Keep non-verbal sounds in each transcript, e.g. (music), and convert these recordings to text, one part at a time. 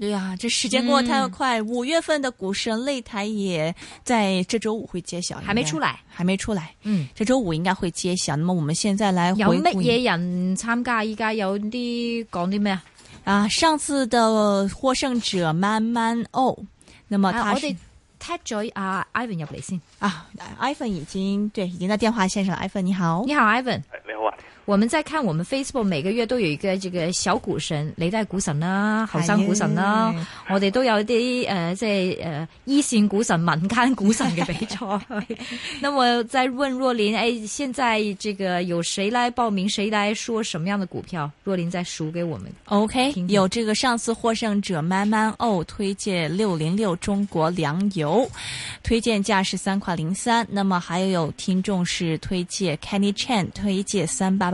對、哎、呀，這時間過得太快，嗯、五月份的股神擂台也在這周五會揭曉，還沒出來，還沒出來。嗯，這周五應該會揭曉。那麼我們現在來回有乜嘢人參加？依家有啲講啲咩啊？啊，上次的獲勝者慢慢哦 Man O，那麼他是、啊、我哋 tag 咗阿 Ivan 入嚟先啊，Ivan 已經對，已經在電話線上，Ivan 你好，你好 Ivan，你好啊。我們在看我們 Facebook 每個月都有一個這個小股神、雷帶股神呢，後生股神呢，哎、呀我哋都要啲誒即係一線股神、猛刊股神嘅比賽。 (laughs) (laughs) 那麼再問若琳，誒、哎，現在這個有誰來報名？誰來說什麼樣的股票？若琳再數給我們。OK，聽聽有這個上次獲勝者 Man Man O 推薦六零六中國糧油，推薦價是三塊零三。那麼還有聽眾是推薦 Kenny Chan 推薦三八。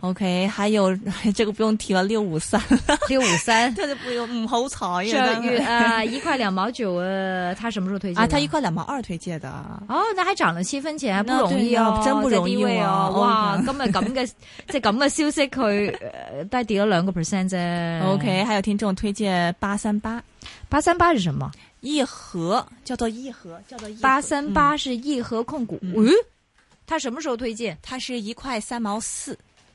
OK，還有這個不用提了，六五三，六五三，這就不用，唔好彩，一個月啊，一塊兩毛九呃，9, 他什麼時候推薦啊？他一塊兩毛二推薦的，哦，那還漲了七分錢，還不容易哦，真不容易哦，在哦哇，咁咪咁嘅，即係咁嘅消息佢，呃，帶跌咗兩個 percent 啫。OK，還有聽眾推薦八三八，八三八是什麼？億和叫做億和叫做八三八是億和控股，嗯，嗯嗯他什麼時候推薦？他是一塊三毛四。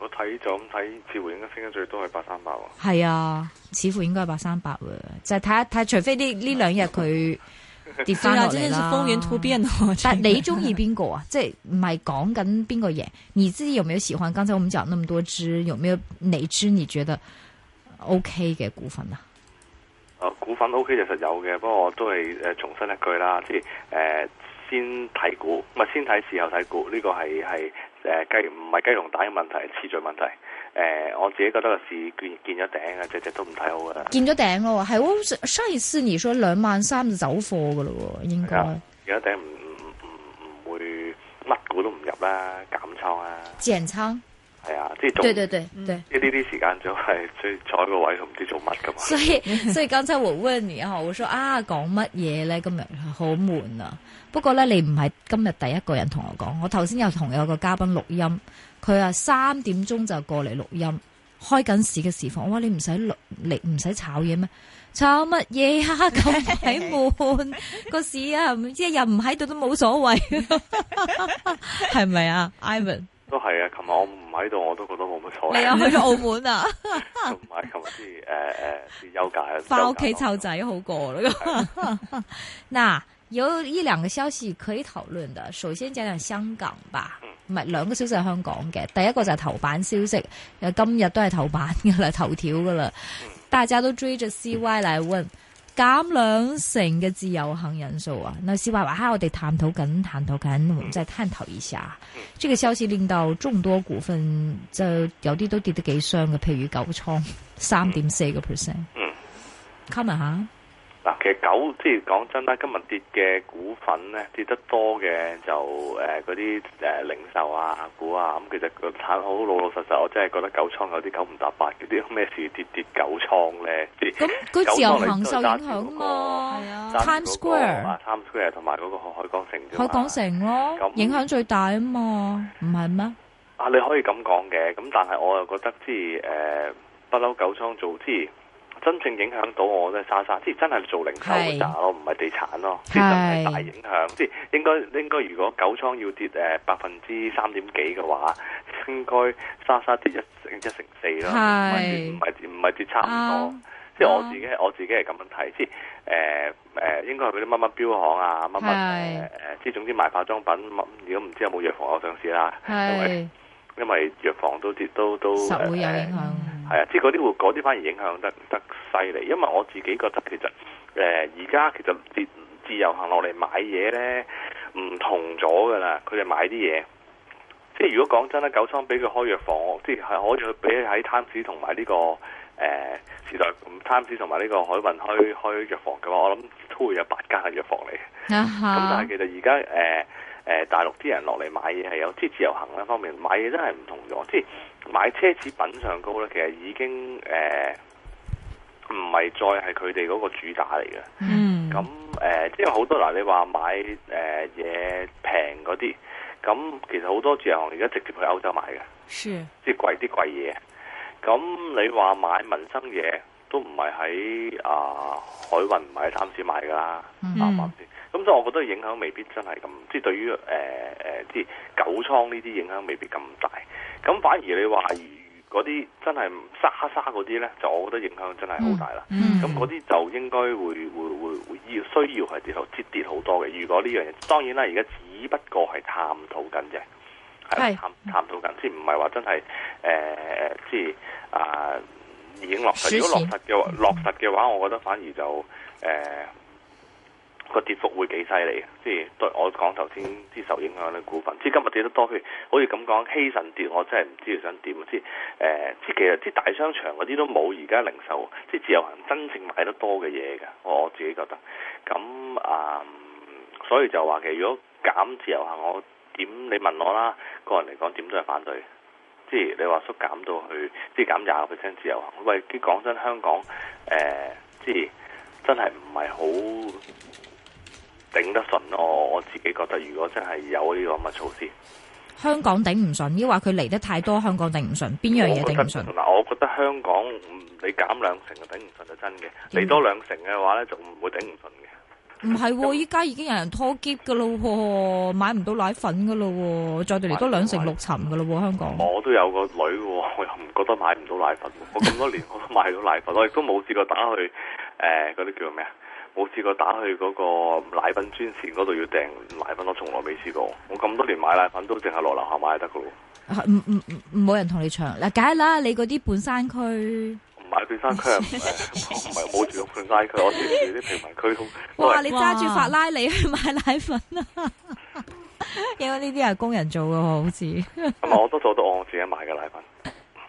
我睇就咁睇，似乎應該升得最多係八三百喎。係啊，似乎應該係八三百喎。就睇一睇，看看除非啲呢兩日佢跌翻落嚟啦。 (laughs) 風雲突變，但你中意邊個啊？ (laughs) 即係唔係講緊邊個嘢？你自己有冇有喜歡？剛才我們講咁多支，有冇有哪隻你覺得 O K 嘅股份啊？哦，股份 O K 其實有嘅，不過我都係誒，重申一句啦，即係誒，先睇股，唔係先睇市後睇股，呢、呢個係係。誒，雞唔係雞籠蛋嘅問題，次序問題。誒、呃，我自己覺得個市見咗頂每每每都都見咗頂啊，隻隻都唔太好啊。見咗頂咯，係我雖然先咗兩萬三就走貨噶啦，應該。而家頂唔唔唔唔會乜股都唔入啦，減倉啊。減倉。係啊，即係做對對對對，呢啲啲時間就係最坐個位，唔知做乜噶嘛所。所以所以剛才我問你啊，我說啊講乜嘢咧？今日好悶啊！不過咧，你唔係今日第一個人同我講，我頭先又同有個嘉賓錄音，佢啊三點鐘就過嚟錄音，開緊市嘅時放。我話你唔使錄，你唔使炒嘢咩？炒乜嘢啊？咁鬼悶個市啊？唔即係又唔喺度都冇所謂，係咪啊，Ivan？都係啊！琴日我唔喺度，我都覺得冇乜錯。你又去咗澳門啊？同埋琴日啲誒誒啲休假，返屋企湊仔好過啦。嗱是的， (laughs) 有呢兩個消息可以討論嘅，首先講講香港吧。唔係、嗯、兩個消息係香港嘅，第一個就係頭版消息，今日都係頭版㗎啦，頭條㗎啦，嗯、大家都追著 CY 嚟問。減兩成嘅自由行人數啊，嗱是話話吓，啊，我哋探討緊，探討緊，我們再探討一下。嗯，呢個消息令到眾多股份就有啲都跌得幾傷嘅，譬如九倉三點四個 percent。嗯，Comment 下。其實九，即係講真啦，今日跌嘅股份咧，跌得多嘅就誒嗰啲誒零售啊股啊，咁其實個產好老老實實，我真係覺得九倉有啲九唔搭八，嗰啲咩事跌跌九倉咧？咁、嗰個自由行受影響啊嘛係啊 Times Square 同埋嗰個海港城，海港城咯，影響最大啊嘛，唔係咩？啊，你可以咁講嘅。咁但係我又覺得即係誒不嬲九倉做之。呃真正影響到我咧，莎莎，即係真係做零售嗰扎咯，唔係是地產咯，先至係大影響。即係應該應該，應該如果九倉要跌誒百分之三點幾嘅話，應該莎莎跌一成一成四咯，唔係唔係跌差唔多。啊、即係我自己係、啊、我自己係咁樣睇，即係誒誒，應該係嗰啲乜乜標行啊，乜乜誒，即係總之賣化妝品，如果唔知道有冇藥房我上市啦，是因為藥房都跌都都誒。係啊，即係嗰啲會，啲反而影響得得犀利。因為我自己覺得，其實誒而家其實自自由行落嚟買嘢咧唔同咗噶啦。佢哋買啲嘢，即係如果講真咧，九倉俾佢開藥房，即係可以去俾喺 Times 同埋呢個誒、呃、時代，咁 Times 同埋呢個海運開開藥房嘅話，我諗都會有八間藥房嚟。咁、uh huh. 但係其實而家誒。呃誒、呃、大陸啲人落嚟買嘢係有，即係自由行呢方面買嘢真係唔同咗，即、就、係、是、買奢侈品上高咧，其實已經誒唔係再係佢哋嗰個主打嚟嘅。嗯，咁誒，即係好多嗱、呃，你話買誒嘢平嗰啲，咁、呃、其實好多自由行而家直接去歐洲買嘅，即係是貴啲貴嘢。咁你話買民生嘢都唔係喺啊海運唔係喺貪錢買噶啦，啱唔啱先？行咁、嗯、所以，我覺得影響未必真係咁，即係對於誒即係九倉呢啲影響未必咁大。咁反而你話嗰啲真係沙沙嗰啲咧，就我覺得影響真係好大啦。咁嗰啲就應該會會會要需要係跌落跌跌好多嘅。如果呢樣嘢當然啦，而家只不過係探討緊啫，係是探探討緊，即係唔係話真係誒即係啊已經落實。如果落實嘅適落實嘅話，、嗯、話，我覺得反而就誒。呃個跌幅會幾犀利？即係對我講頭先啲受影響嘅股份，即係今日跌得多。佢好似咁講，希慎跌，我真係唔知佢想點。即係誒，即係其實啲大商場嗰啲都冇，而家零售即係自由行真正買得多嘅嘢㗎，我自己覺得。咁啊、嗯，所以就話嘅，其實如果減自由行，我點你問我啦？個人嚟講，點都係反對。即係你話縮減到去，即係減廿個 percent 自由行。喂，啲講真，香港誒，即、呃、係真係唔係好。頂得順咯，我我自己覺得，如果真係有呢個咁嘅措施，香港頂唔順，亦話佢嚟得太多，香港頂唔順，邊樣嘢頂唔順？嗱，我覺得香港，你減兩成就頂唔順就真嘅，嚟樣多兩成嘅話咧，就唔會頂唔順嘅。唔係、喎，依家不已經有人拖劫噶咯，買唔到奶粉噶咯，再嚟多兩成六層噶咯，香港。我都有個女喎，我又唔覺得買唔到奶粉。我咁多年我都買到奶粉，我亦 (laughs) 都冇試過打去誒嗰啲叫做咩啊？冇試過打去嗰個奶粉專線嗰度要訂奶粉，我從來未試過。我咁多年買奶粉都淨係落樓下買就得噶咯。唔唔唔，冇人同你搶。嗱，梗係啦。你嗰啲半山區，唔係半山區啊，唔係冇住喺半山區，我住住啲平民區。哇！你揸住法拉利去買奶粉啊？因為呢啲係工人做嘅喎，好似。唔係、嗯，我都做到我自己買嘅奶粉。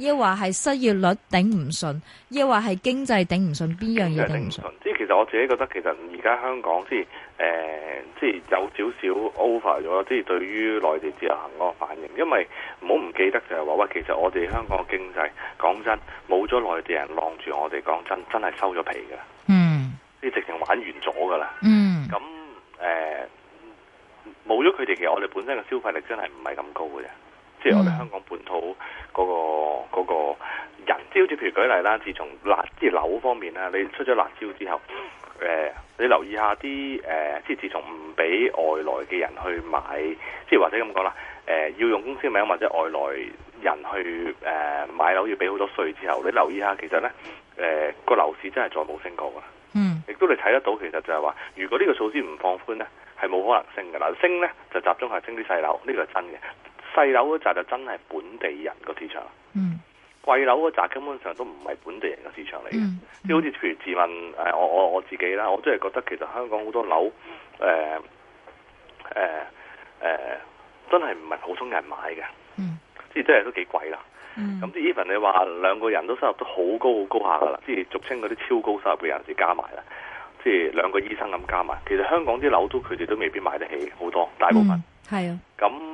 亦話係失業率頂唔順，亦話係經濟頂唔順，邊樣嘢頂唔順？即係其實我自己覺得，其實而家香港即係誒，即係有少少 over 咗。即係對於內地自由行嗰個反應，因為唔好唔記得就係話喂，其實我哋香港嘅經濟講真，冇咗內地人養住我哋，講真真係收咗皮㗎。嗯，即係直情玩完咗㗎喇。嗯，咁誒，冇咗佢哋其實我哋本身嘅消費力真係唔係咁高嘅。即係我哋香港本土嗰個嗰個人，招譬如舉例啦。自從辣即係樓方面啦，你出咗辣招之後，誒、呃、你留意下啲誒、呃，即係自從唔俾外來嘅人去買，即係或者咁講啦，誒、呃、要用公司名或者外來人去誒、呃、買樓要俾好多稅之後，你留意下其實咧，誒、呃個樓市真係再冇升過啊！嗯，亦都你睇得到，其實就係話，如果呢個措施唔放寬咧，係冇可能升嘅啦。升咧就集中係升啲細樓，呢個係真嘅。細樓嗰扎就真係本地人個市場。嗯、貴樓嗰扎根本上都唔係本地人個市場嚟嘅。即係、嗯嗯、好似譬如自問誒、呃，我我我自己啦，我真係覺得其實香港好多樓誒誒誒，真係唔係普通人買嘅。即係真係都幾貴啦。咁、嗯、即 even 你話兩個人都收入都好高好高下噶啦，即係俗稱嗰啲超高收入嘅人士加埋啦，即係兩個醫生咁加埋，其實香港啲樓都佢哋都未必買得起，好多大部分係啊，咁、嗯。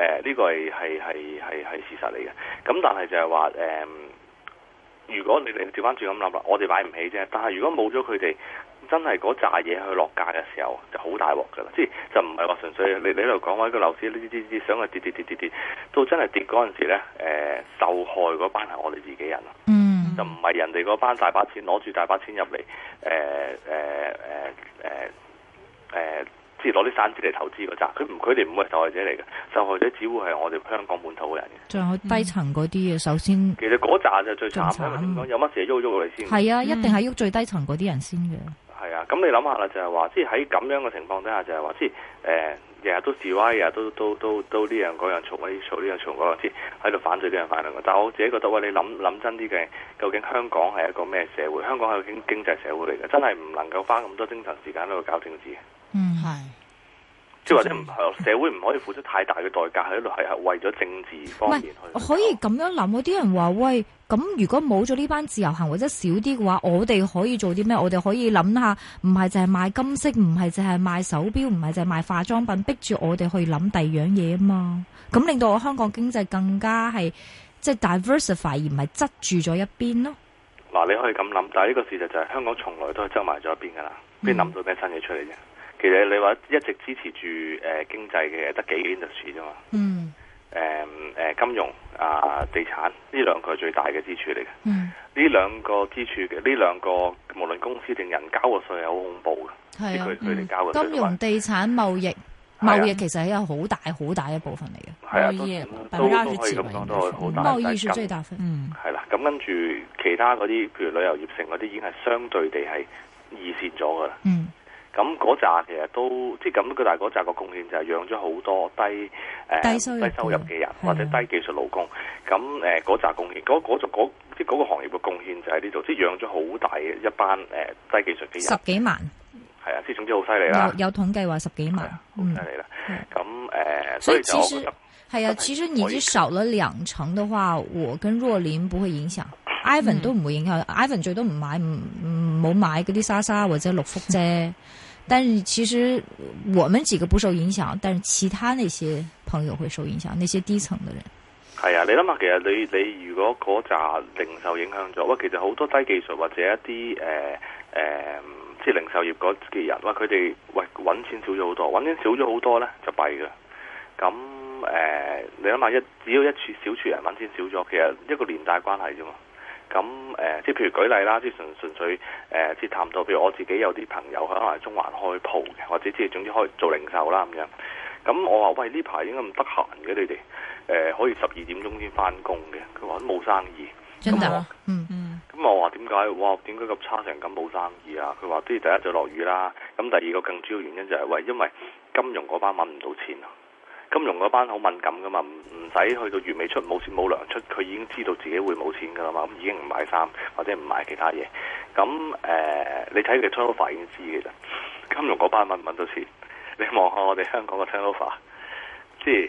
誒，呢、呃這個係係係係係事實嚟嘅。咁但係就係話，誒、呃，如果你哋調翻轉咁諗啦，我哋買唔起啫。但係如果冇咗佢哋，真係嗰扎嘢去落價嘅時候，就好大鑊噶啦。即係就唔係話純粹你你喺度講話個樓市啲啲啲，想佢跌跌跌跌跌，到真係跌嗰陣時咧，誒、呃，受害嗰班係我哋自己人啦。嗯，就唔係人哋嗰班大把錢攞住大把錢入嚟，誒誒誒誒誒。呃呃呃呃呃即攞啲散紙嚟投資嗰扎，佢唔佢哋唔會係受害者嚟嘅，受害者只會係我哋香港本土嘅人。仲有低層嗰啲嘢，嗯、首先其實嗰扎就最慘。點講慘？有乜事喐喐佢先？係啊，一定係喐最低層嗰啲人先嘅。係、嗯、啊，咁你諗下啦，就係話，即係喺咁樣嘅情況底下，就係、是、話，即係誒，日、就、日、是呃、都示威啊，都都都都呢樣嗰樣，從呢從呢樣從嗰樣，即係喺度反對啲人反對但係我自己覺得，喂，你諗諗真啲嘅，究竟香港係一個咩社會？香港係個經經濟社會嚟嘅，真係唔能夠花咁多精神時間喺度搞政治。嗯，係，即係話，即係社會唔可以付出太大嘅代價喺度，係為咗政治方面去。我可以咁樣諗，嗰啲人話：喂，咁如果冇咗呢班自由行或者少啲嘅話，我哋可以做啲咩？我哋可以諗下，唔係淨係賣金色，唔係淨係賣手表，唔係淨係賣化妝品，逼住我哋去諗第二樣嘢啊嘛！咁令到我香港經濟更加係即係、就是、diversify，而唔係執住咗一邊咯。嗱、啊，你可以咁諗，但係呢個事實就係、是、香港從來都係執埋咗一邊噶啦，邊諗、嗯、到咩新嘢出嚟嘅。其實，你話一直支持住誒經濟嘅得幾 industry 啫嘛？嗯。誒誒，金融啊地產，呢兩個係最大嘅支柱嚟嘅。嗯。呢兩個支柱嘅呢兩個，無論公司定人交嘅稅係好恐怖嘅。係啊，佢哋交嘅稅。金融地產貿易，貿易其實係有好大好大一部分嚟嘅。係啊，都都可以咁講，都好大嘅。貿易算最大打分。嗯。係啦，咁跟住其他嗰啲，譬如旅遊業性嗰啲，已經係相對地係二線咗噶啦。嗯。咁嗰扎其實都即係咁佢大嗰扎個貢獻就係養咗好多低誒、呃、低收入、嘅人、啊、或者低技術勞工。咁誒嗰扎貢獻，嗰個就即係個行業嘅貢獻就喺呢度，即係養咗好大一班誒、呃、低技術嘅人。十幾萬係啊，即係總之好犀利啦。有統計話十幾萬，好犀利啦。咁誒，所以就係、就是、啊，其實你已經少咗兩成嘅話，我跟若琳不會影響。Ivan 都唔會影響、嗯，Ivan 最多唔買唔唔冇買嗰啲莎莎或者六福啫。但係其實我們幾個不受影響，但是其他那些朋友會受影響，那些低層的人。係啊，你諗下，其實你你如果嗰扎零售影響咗，哇，其實好多低技術或者一啲誒誒，即係零售業嗰嘅人，哇、呃，佢哋喂揾錢少咗好多，揾錢少咗好多咧就弊噶。咁誒、呃，你諗下，一隻要一處小處人揾錢少咗，其實一個連帶關係啫嘛。咁誒、呃，即係譬如舉例啦、呃，即係純純粹誒，即係談到，譬如我自己有啲朋友可能喺中環開鋪嘅，或者即係總之開做零售啦咁樣。咁我話喂，呢排應該唔得閒嘅你哋？誒、呃，可以十二點鐘先翻工嘅。佢話都冇生意。真㗎？嗯嗯。咁我話點解？哇，點解咁差成咁冇生意啊？佢話：即係第一就落雨啦，咁第二個更主要原因就係、是、喂，因為金融嗰班揾唔到錢啊。金融嗰班好敏感噶嘛，唔使去到月尾出冇錢冇糧出，佢已經知道自己會冇錢噶啦嘛，咁已經唔買衫或者唔買其他嘢。咁誒、呃，你睇佢哋 turnover 已經知噶啦，金融嗰班揾唔揾到錢。你望下我哋香港嘅 turnover。即係誒，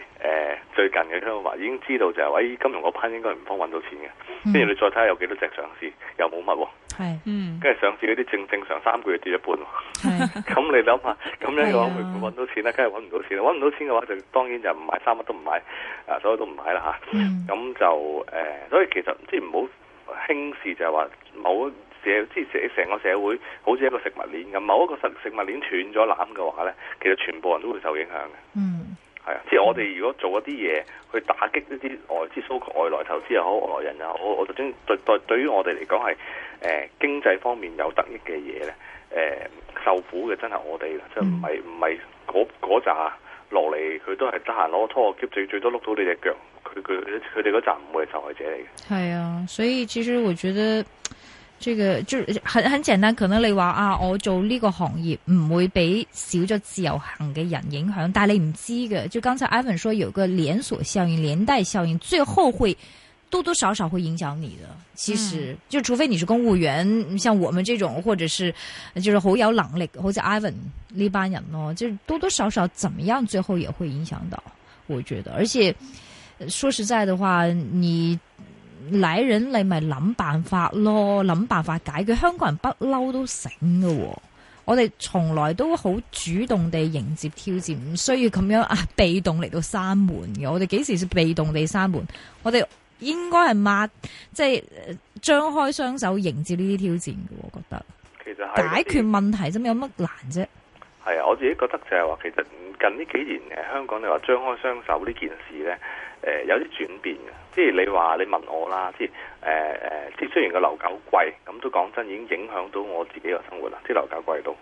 最近嘅香港話已經知道就係，金融個 part 應該唔方搵到錢嘅。跟住、嗯、你再睇下有幾多隻上市，又冇乜喎。係，嗯。跟住上市嗰啲正正常三個月跌一半。係。咁你諗下，咁樣嘅話會唔會揾到錢咧？梗係揾唔到錢。搵唔到錢嘅話，就當然就唔買，三乜都唔買，啊，所有都唔買啦吓。咁、嗯、就誒、呃，所以其實即係唔好輕視，就係話某一社，即係成成個社會好似一個食物鏈咁，某一個食食物鏈斷咗纜嘅話咧，其實全部人都會受影響嘅。嗯。係啊，即係我哋如果做一啲嘢去打擊一啲外資、外外來投資又好，外來人又好，我我最終對對對於我哋嚟講係，誒、呃、經濟方面有得益嘅嘢咧，誒、呃、受苦嘅真係我哋啦，即係唔係唔係嗰嗰扎落嚟，佢都係得閒攞拖個篋，最最多碌到你隻腳，佢佢佢哋嗰扎唔會係受害者嚟嘅。係啊，所以其實我覺得。這個就是很很簡單，可能你話啊，我做呢個行業唔會俾少咗自由行嘅人影響，但係你唔知嘅。就剛才 Ivan 說有個連鎖效應、連帶效應，最後會多多少少會影響你嘅。其實、嗯、就除非你是公務員，像我們這種，或者是就是好有能力，好似 Ivan 呢班人咯、哦，就多多少少，怎麼樣，最後也會影響到。我覺得，而且說實在的話，你。嚟人你咪諗辦法咯，諗辦法解決。香港人不嬲都醒喎。我哋從來都好主動地迎接挑戰，唔需要咁樣啊被動嚟到閂門嘅。我哋幾時是被動地閂門？我哋應該係擘，即係張開雙手迎接呢啲挑戰嘅，我覺得。其實解決問題啫，真係有乜難啫？係啊，我自己覺得就係話，其實近呢幾年香港你話張開雙手呢件事呢，誒、呃、有啲轉變嘅。即係你話你問我啦，即係誒誒，即係雖然個樓價貴，咁都講真已經影響到我自己個生活啦。啲樓價貴到，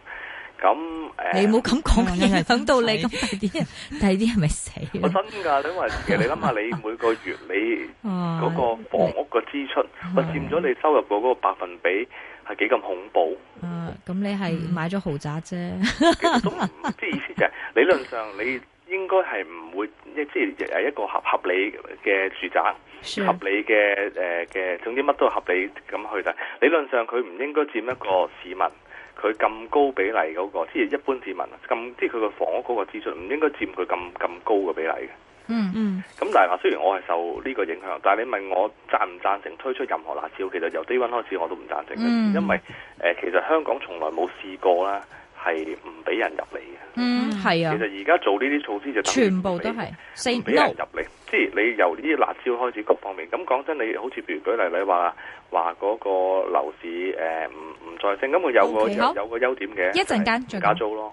咁誒、呃嗯。你冇咁講影響等到你快，咁第啲，第啲係咪死我真㗎，因為其實你諗下，你每個月你嗰個房屋個支出，我、啊啊、佔咗你收入嗰個百分比。係幾咁恐怖？啊！咁你係買咗豪宅啫，即係意思就係理論上你應該係唔會，即係一個合合理嘅住宅，Sure. 合理嘅誒嘅，總之乜都合理咁去，但理論上佢唔應該佔一個市民，佢咁高比例嗰個，即係一般市民，咁即係佢個房屋嗰個支出唔應該佔佢咁咁高嘅比例嘅。嗯嗯，咁、嗯、但係話雖然我係受呢個影響，但係你問我贊唔贊成推出任何辣椒，其實由低溫開始我都唔贊成嘅，嗯、因為誒、呃、其實香港從來冇試過啦，係唔俾人入嚟嘅。嗯，係啊。其實而家做呢啲措施就全，全部都係唔俾人入嚟，即係你由呢啲辣椒開始各方面。咁講真你，你好似譬如舉例你話話嗰個樓市誒唔唔再升，咁、呃、佢有個 okay, 好有，有個優點嘅，一陣間再講。